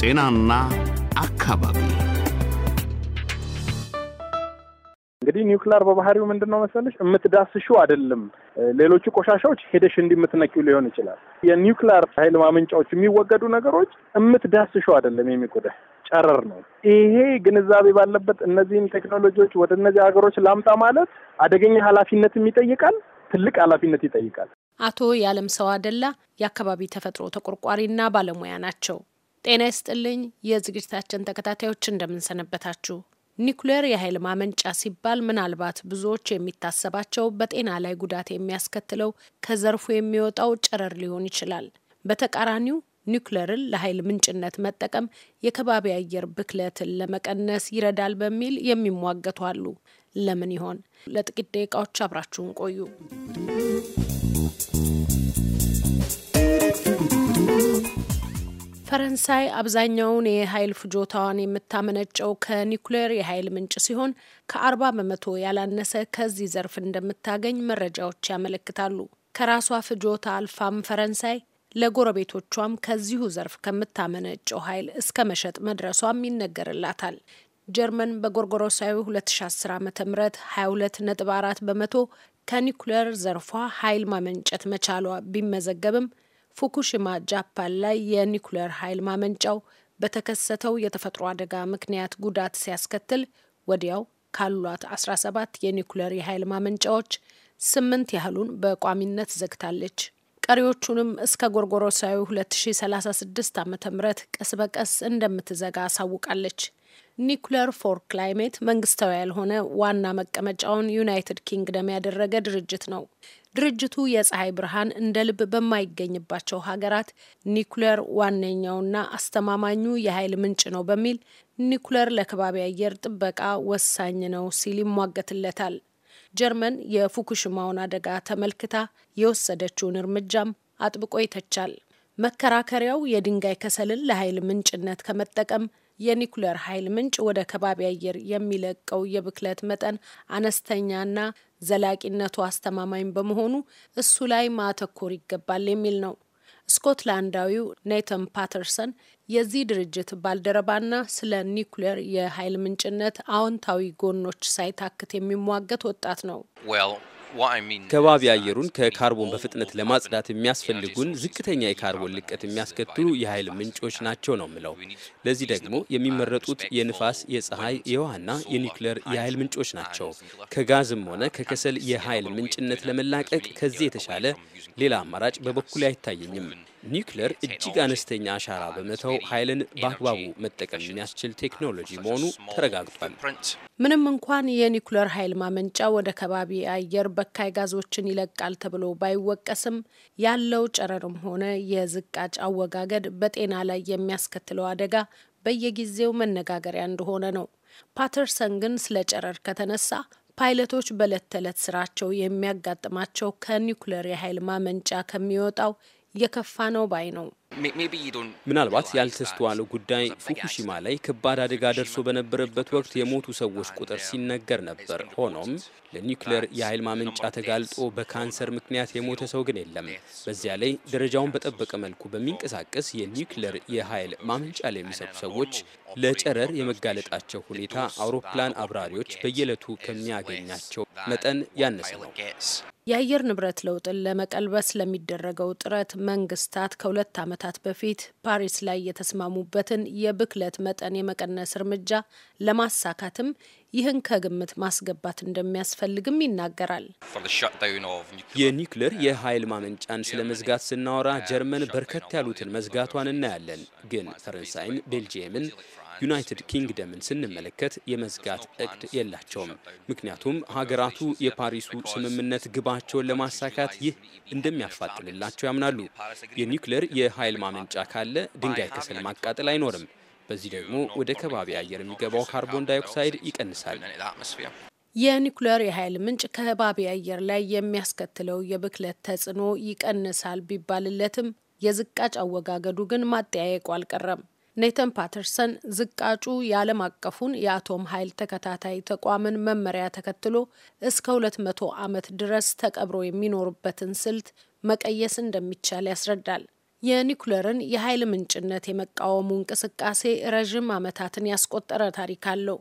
ጤናና አካባቢ እንግዲህ ኒውክሊር በባህሪው ምንድን ነው መሰለሽ የምትዳስሹ አይደለም። ሌሎቹ ቆሻሻዎች ሄደሽ እንዲህ የምትነኪው ሊሆን ይችላል። የኒውክሊር ኃይል ማመንጫዎች የሚወገዱ ነገሮች የምትዳስሹ አይደለም፣ የሚጎዳ ጨረር ነው። ይሄ ግንዛቤ ባለበት እነዚህን ቴክኖሎጂዎች ወደ እነዚህ ሀገሮች ላምጣ ማለት አደገኛ ኃላፊነትም ይጠይቃል፣ ትልቅ ኃላፊነት ይጠይቃል። አቶ የዓለም ሰው አደላ የአካባቢ ተፈጥሮ ተቆርቋሪና ባለሙያ ናቸው። ጤና ይስጥልኝ የዝግጅታችን ተከታታዮች እንደምንሰነበታችሁ። ኒኩሌር የኃይል ማመንጫ ሲባል ምናልባት ብዙዎች የሚታሰባቸው በጤና ላይ ጉዳት የሚያስከትለው ከዘርፉ የሚወጣው ጨረር ሊሆን ይችላል። በተቃራኒው ኒኩሌርን ለኃይል ምንጭነት መጠቀም የከባቢ አየር ብክለትን ለመቀነስ ይረዳል በሚል የሚሟገቱ አሉ። ለምን ይሆን? ለጥቂት ደቂቃዎች አብራችሁን ቆዩ። ፈረንሳይ አብዛኛውን የኃይል ፍጆታዋን የምታመነጨው ከኒኩሌር የኃይል ምንጭ ሲሆን ከአርባ በመቶ ያላነሰ ከዚህ ዘርፍ እንደምታገኝ መረጃዎች ያመለክታሉ። ከራሷ ፍጆታ አልፋም ፈረንሳይ ለጎረቤቶቿም ከዚሁ ዘርፍ ከምታመነጨው ኃይል እስከ መሸጥ መድረሷም ይነገርላታል። ጀርመን በጎርጎሮሳዊ 2010 ዓ ም 22.4 በመቶ ከኒኩሌር ዘርፏ ኃይል ማመንጨት መቻሏ ቢመዘገብም ፉኩሽማ ጃፓን ላይ የኒኩሌር ኃይል ማመንጫው በተከሰተው የተፈጥሮ አደጋ ምክንያት ጉዳት ሲያስከትል ወዲያው ካሏት 17 የኒኩሌር የኃይል ማመንጫዎች ስምንት ያህሉን በቋሚነት ዘግታለች። ቀሪዎቹንም እስከ ጎርጎሮሳዊ 2036 ዓ ም ቀስ በቀስ እንደምትዘጋ አሳውቃለች። ኒኩለር ፎር ክላይሜት መንግስታዊ ያልሆነ ዋና መቀመጫውን ዩናይትድ ኪንግደም ያደረገ ድርጅት ነው። ድርጅቱ የፀሐይ ብርሃን እንደ ልብ በማይገኝባቸው ሀገራት ኒኩለር ዋነኛውና አስተማማኙ የኃይል ምንጭ ነው በሚል ኒኩለር ለከባቢ አየር ጥበቃ ወሳኝ ነው ሲል ይሟገትለታል። ጀርመን የፉኩሽማውን አደጋ ተመልክታ የወሰደችውን እርምጃም አጥብቆ ይተቻል። መከራከሪያው የድንጋይ ከሰልን ለኃይል ምንጭነት ከመጠቀም የኒኩሌር ኃይል ምንጭ ወደ ከባቢ አየር የሚለቀው የብክለት መጠን አነስተኛና ዘላቂነቱ አስተማማኝ በመሆኑ እሱ ላይ ማተኮር ይገባል የሚል ነው። ስኮትላንዳዊው ኔተን ፓተርሰን የዚህ ድርጅት ባልደረባና ስለ ኒኩሌር የኃይል ምንጭነት አዎንታዊ ጎኖች ሳይታክት የሚሟገት ወጣት ነው። ከባቢ አየሩን ከካርቦን በፍጥነት ለማጽዳት የሚያስፈልጉን ዝቅተኛ የካርቦን ልቀት የሚያስከትሉ የኃይል uh, ምንጮች ናቸው ነው ምለው። ለዚህ ደግሞ የሚመረጡት የንፋስ፣ የፀሐይ፣ የውሃና የኒውክሌር የኃይል ምንጮች ናቸው። ከጋዝም ሆነ ከከሰል የኃይል ምንጭነት ለመላቀቅ ከዚህ የተሻለ ሌላ አማራጭ በበኩል አይታየኝም። ኒውክሌር እጅግ አነስተኛ አሻራ በመተው ኃይልን በአግባቡ መጠቀም የሚያስችል ቴክኖሎጂ መሆኑ ተረጋግጧል። ምንም እንኳን የኒውክሌር ኃይል ማመንጫ ወደ ከባቢ አየር በካይ ጋዞችን ይለቃል ተብሎ ባይወቀስም ያለው ጨረርም ሆነ የዝቃጭ አወጋገድ በጤና ላይ የሚያስከትለው አደጋ በየጊዜው መነጋገሪያ እንደሆነ ነው። ፓተርሰን ግን ስለ ጨረር ከተነሳ ፓይለቶች በዕለት ተዕለት ስራቸው የሚያጋጥማቸው ከኒውክሌር የኃይል ማመንጫ ከሚወጣው የከፋ ነው ባይ ነው። ምናልባት ያልተስተዋለው ጉዳይ ፉኩሺማ ላይ ከባድ አደጋ ደርሶ በነበረበት ወቅት የሞቱ ሰዎች ቁጥር ሲነገር ነበር። ሆኖም ለኒውክሌር የኃይል ማመንጫ ተጋልጦ በካንሰር ምክንያት የሞተ ሰው ግን የለም። በዚያ ላይ ደረጃውን በጠበቀ መልኩ በሚንቀሳቀስ የኒውክሌር የኃይል ማመንጫ ላይ የሚሰሩ ሰዎች ለጨረር የመጋለጣቸው ሁኔታ አውሮፕላን አብራሪዎች በየዕለቱ ከሚያገኛቸው መጠን ያነሰ ነው። የአየር ንብረት ለውጥን ለመቀልበስ ለሚደረገው ጥረት መንግስታት ከሁለት ዓመታት ከዓመታት በፊት ፓሪስ ላይ የተስማሙበትን የብክለት መጠን የመቀነስ እርምጃ ለማሳካትም ይህን ከግምት ማስገባት እንደሚያስፈልግም ይናገራል። የኒውክሌር የኃይል ማመንጫን ስለ መዝጋት ስናወራ ጀርመን በርከት ያሉትን መዝጋቷን እናያለን። ግን ፈረንሳይን፣ ቤልጅየምን፣ ዩናይትድ ኪንግደምን ስንመለከት የመዝጋት እቅድ የላቸውም። ምክንያቱም ሀገራቱ የፓሪሱ ስምምነት ግባቸውን ለማሳካት ይህ እንደሚያፋጥንላቸው ያምናሉ። የኒውክሌር የኃይል ማመንጫ ካለ ድንጋይ ከሰል ማቃጠል አይኖርም። በዚህ ደግሞ ወደ ከባቢ አየር የሚገባው ካርቦን ዳይኦክሳይድ ይቀንሳል። የኒኩሌር የኃይል ምንጭ ከባቢ አየር ላይ የሚያስከትለው የብክለት ተጽዕኖ ይቀንሳል ቢባልለትም የዝቃጭ አወጋገዱ ግን ማጠያየቁ አልቀረም። ኔተን ፓተርሰን ዝቃጩ የዓለም አቀፉን የአቶም ኃይል ተከታታይ ተቋምን መመሪያ ተከትሎ እስከ 200 ዓመት ድረስ ተቀብሮ የሚኖሩበትን ስልት መቀየስ እንደሚቻል ያስረዳል። የኒኩለርን የኃይል ምንጭነት የመቃወሙ እንቅስቃሴ ረዥም ዓመታትን ያስቆጠረ ታሪክ አለው።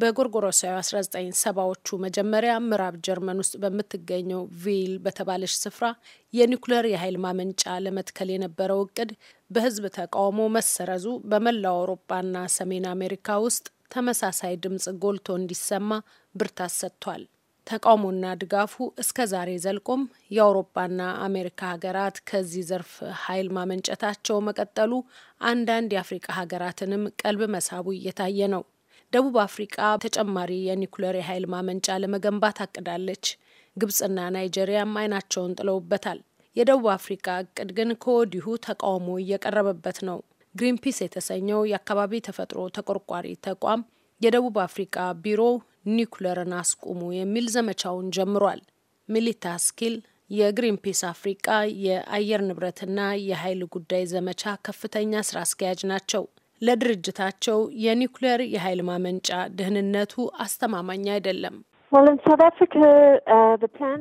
በጎርጎሮሳዊ 1970ዎቹ መጀመሪያ ምዕራብ ጀርመን ውስጥ በምትገኘው ቪል በተባለች ስፍራ የኒውክሌር የኃይል ማመንጫ ለመትከል የነበረው እቅድ በህዝብ ተቃውሞ መሰረዙ በመላው አውሮፓና ሰሜን አሜሪካ ውስጥ ተመሳሳይ ድምፅ ጎልቶ እንዲሰማ ብርታት ሰጥቷል። ተቃውሞና ድጋፉ እስከ ዛሬ ዘልቆም የአውሮፓና አሜሪካ ሀገራት ከዚህ ዘርፍ ኃይል ማመንጨታቸው መቀጠሉ አንዳንድ የአፍሪቃ ሀገራትንም ቀልብ መሳቡ እየታየ ነው። ደቡብ አፍሪቃ ተጨማሪ የኒኩሌር የኃይል ማመንጫ ለመገንባት አቅዳለች። ግብጽና ናይጄሪያም አይናቸውን ጥለውበታል። የደቡብ አፍሪካ እቅድ ግን ከወዲሁ ተቃውሞ እየቀረበበት ነው። ግሪንፒስ የተሰኘው የአካባቢ ተፈጥሮ ተቆርቋሪ ተቋም የደቡብ አፍሪካ ቢሮ ኒኩለርን አስቁሙ የሚል ዘመቻውን ጀምሯል። ሚሊታ ስኪል የግሪንፒስ አፍሪቃ የአየር ንብረትና የኃይል ጉዳይ ዘመቻ ከፍተኛ ስራ አስኪያጅ ናቸው። ለድርጅታቸው የኒውክሌር የኃይል ማመንጫ ደህንነቱ አስተማማኝ አይደለም Uh,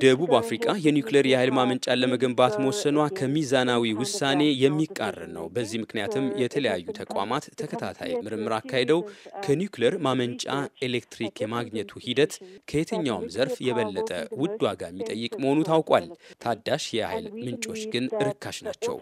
ደቡብ አፍሪቃ uh, uh, የኒውክሌር የኃይል ማመንጫን ለመገንባት መወሰኗ ከሚዛናዊ ውሳኔ የሚቃረን ነው። በዚህ ምክንያትም የተለያዩ ተቋማት ተከታታይ ምርምር አካሂደው ከኒውክሌር ማመንጫ ኤሌክትሪክ የማግኘቱ ሂደት ከየትኛውም ዘርፍ የበለጠ ውድ ዋጋ የሚጠይቅ መሆኑ ታውቋል። ታዳሽ የኃይል ምንጮች ግን ርካሽ ናቸው።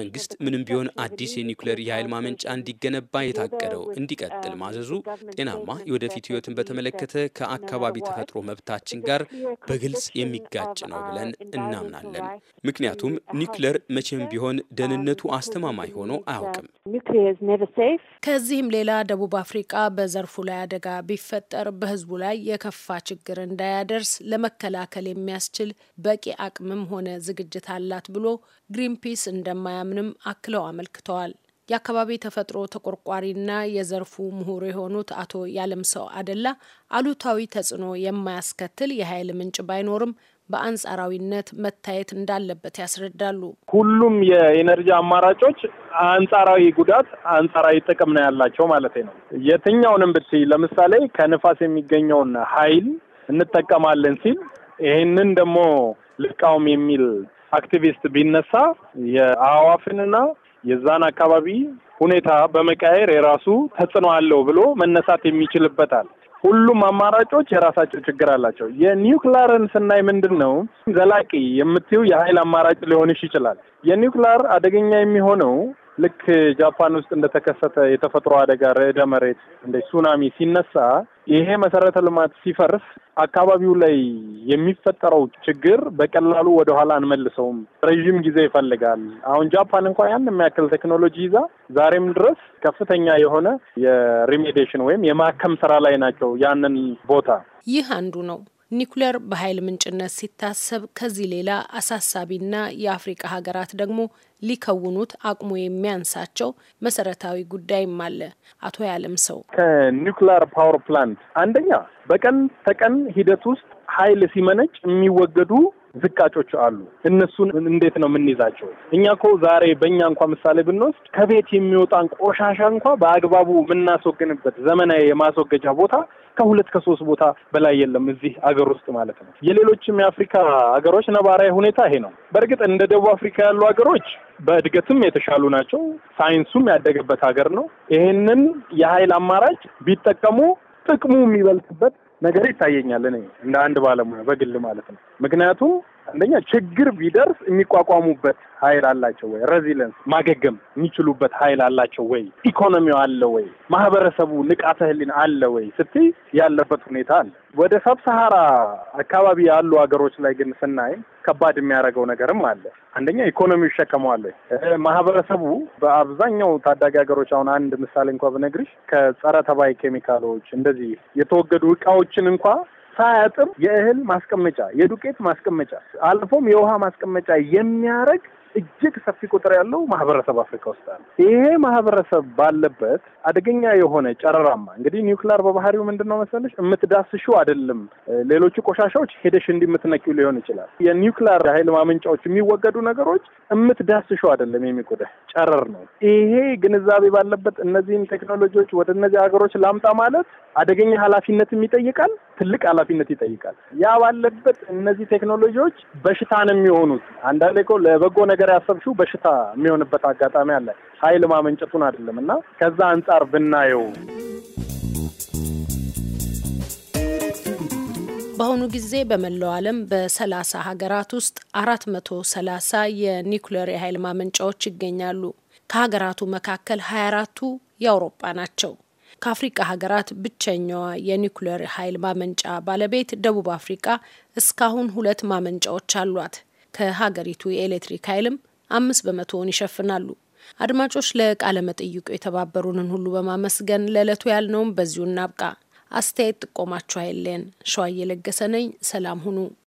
መንግስት ምንም ቢሆን አዲስ የኒውክሌር የኃይል ማመንጫ እንዲገነባ የታቀደው እንዲቀጥል ማዘዙ ጤናማ የወደፊት ህይወትን በተመለከተ ከአካባቢ የተፈጥሮ መብታችን ጋር በግልጽ የሚጋጭ ነው ብለን እናምናለን። ምክንያቱም ኒክለር መቼም ቢሆን ደህንነቱ አስተማማኝ ሆኖ አያውቅም። ከዚህም ሌላ ደቡብ አፍሪቃ በዘርፉ ላይ አደጋ ቢፈጠር በህዝቡ ላይ የከፋ ችግር እንዳያደርስ ለመከላከል የሚያስችል በቂ አቅምም ሆነ ዝግጅት አላት ብሎ ግሪንፒስ እንደማያምንም አክለው አመልክተዋል። የአካባቢ ተፈጥሮ ተቆርቋሪና የዘርፉ ምሁር የሆኑት አቶ ያለም ሰው አደላ አሉታዊ ተጽዕኖ የማያስከትል የኃይል ምንጭ ባይኖርም በአንጻራዊነት መታየት እንዳለበት ያስረዳሉ። ሁሉም የኤነርጂ አማራጮች አንጻራዊ ጉዳት፣ አንጻራዊ ጥቅም ነው ያላቸው ማለት ነው። የትኛውንም ብትይ ለምሳሌ ከንፋስ የሚገኘውን ኃይል እንጠቀማለን ሲል ይህንን ደግሞ ልቃውም የሚል አክቲቪስት ቢነሳ የአዋፍንና የዛን አካባቢ ሁኔታ በመቀየር የራሱ ተጽዕኖ አለው ብሎ መነሳት የሚችልበታል። ሁሉም አማራጮች የራሳቸው ችግር አላቸው። የኒውክሊየርን ስናይ ምንድን ነው ዘላቂ የምትይው የኃይል አማራጭ ሊሆንሽ ይችላል። የኒውክሊየር አደገኛ የሚሆነው ልክ ጃፓን ውስጥ እንደተከሰተ የተፈጥሮ አደጋ ርዕደ መሬት እንደ ሱናሚ ሲነሳ ይሄ መሰረተ ልማት ሲፈርስ አካባቢው ላይ የሚፈጠረው ችግር በቀላሉ ወደኋላ አንመልሰውም፣ ረዥም ጊዜ ይፈልጋል። አሁን ጃፓን እንኳን ያን የሚያክል ቴክኖሎጂ ይዛ ዛሬም ድረስ ከፍተኛ የሆነ የሪሜዲሽን ወይም የማከም ስራ ላይ ናቸው። ያንን ቦታ ይህ አንዱ ነው። ኒኩሌር በኃይል ምንጭነት ሲታሰብ ከዚህ ሌላ አሳሳቢና የአፍሪቃ ሀገራት ደግሞ ሊከውኑት አቅሙ የሚያንሳቸው መሰረታዊ ጉዳይም አለ። አቶ ያለም ሰው ከኒውክሊየር ፓወር ፕላንት አንደኛ በቀን ተቀን ሂደት ውስጥ ኃይል ሲመነጭ የሚወገዱ ዝቃጮች አሉ። እነሱን እንዴት ነው የምንይዛቸው? እኛ እኮ ዛሬ በእኛ እንኳ ምሳሌ ብንወስድ ከቤት የሚወጣን ቆሻሻ እንኳ በአግባቡ የምናስወግንበት ዘመናዊ የማስወገጃ ቦታ ከሁለት ከሶስት ቦታ በላይ የለም እዚህ አገር ውስጥ ማለት ነው። የሌሎችም የአፍሪካ አገሮች ነባራዊ ሁኔታ ይሄ ነው። በእርግጥ እንደ ደቡብ አፍሪካ ያሉ አገሮች በእድገትም የተሻሉ ናቸው። ሳይንሱም ያደገበት ሀገር ነው። ይሄንን የሀይል አማራጭ ቢጠቀሙ ጥቅሙ የሚበልጥበት ነገር ይታየኛል እኔ እንደ አንድ ባለሙያ በግል ማለት ነው። ምክንያቱም አንደኛ ችግር ቢደርስ የሚቋቋሙበት ኃይል አላቸው ወይ? ሬዚለንስ ማገገም የሚችሉበት ኃይል አላቸው ወይ? ኢኮኖሚው አለ ወይ? ማህበረሰቡ ንቃተ ህሊን አለ ወይ? ስትይ ያለበት ሁኔታ አለ። ወደ ሰብሰሃራ አካባቢ ያሉ ሀገሮች ላይ ግን ስናይ ከባድ የሚያደርገው ነገርም አለ። አንደኛ ኢኮኖሚው ይሸከመዋል ወይ? ማህበረሰቡ በአብዛኛው ታዳጊ ሀገሮች አሁን አንድ ምሳሌ እንኳ ብነግርሽ ከጸረ ተባይ ኬሚካሎች እንደዚህ የተወገዱ እቃዎችን እንኳ ሳያጥር የእህል ማስቀመጫ፣ የዱቄት ማስቀመጫ፣ አልፎም የውሃ ማስቀመጫ የሚያደርግ እጅግ ሰፊ ቁጥር ያለው ማህበረሰብ አፍሪካ ውስጥ አለ። ይሄ ማህበረሰብ ባለበት አደገኛ የሆነ ጨረራማ እንግዲህ ኒውክሊር በባህሪው ምንድን ነው መሰለሽ የምትዳስሹ አይደለም። ሌሎቹ ቆሻሻዎች ሄደሽ እንዲህ ሊሆን ይችላል። የኒውክሊር ኃይል ማመንጫዎች የሚወገዱ ነገሮች የምትዳስሹ አይደለም፣ የሚጎዳሽ ጨረር ነው። ይሄ ግንዛቤ ባለበት እነዚህን ቴክኖሎጂዎች ወደ እነዚህ ሀገሮች ላምጣ ማለት አደገኛ ኃላፊነትም ይጠይቃል፣ ትልቅ ኃላፊነት ይጠይቃል። ያ ባለበት እነዚህ ቴክኖሎጂዎች በሽታ ነው የሚሆኑት። አንዳንዴ እኮ ለበጎ ነገር ነገር ያሰብሽው በሽታ የሚሆንበት አጋጣሚ አለ። ኃይል ማመንጨቱን አይደለም እና ከዛ አንጻር ብናየው በአሁኑ ጊዜ በመላው ዓለም በሰላሳ ሀገራት ውስጥ አራት መቶ ሰላሳ የኒውክሌር የኃይል ማመንጫዎች ይገኛሉ። ከሀገራቱ መካከል 24ቱ የአውሮፓ ናቸው። ከአፍሪቃ ሀገራት ብቸኛዋ የኒውክሌር ኃይል ማመንጫ ባለቤት ደቡብ አፍሪቃ እስካሁን ሁለት ማመንጫዎች አሏት። ከሀገሪቱ የኤሌክትሪክ ኃይልም አምስት በመቶውን ይሸፍናሉ። አድማጮች ለቃለ መጠይቁ የተባበሩንን ሁሉ በማመስገን ለዕለቱ ያልነውም በዚሁ እናብቃ። አስተያየት ጥቆማችሁ አይለየን። ሸዋ እየለገሰ ነኝ። ሰላም ሁኑ።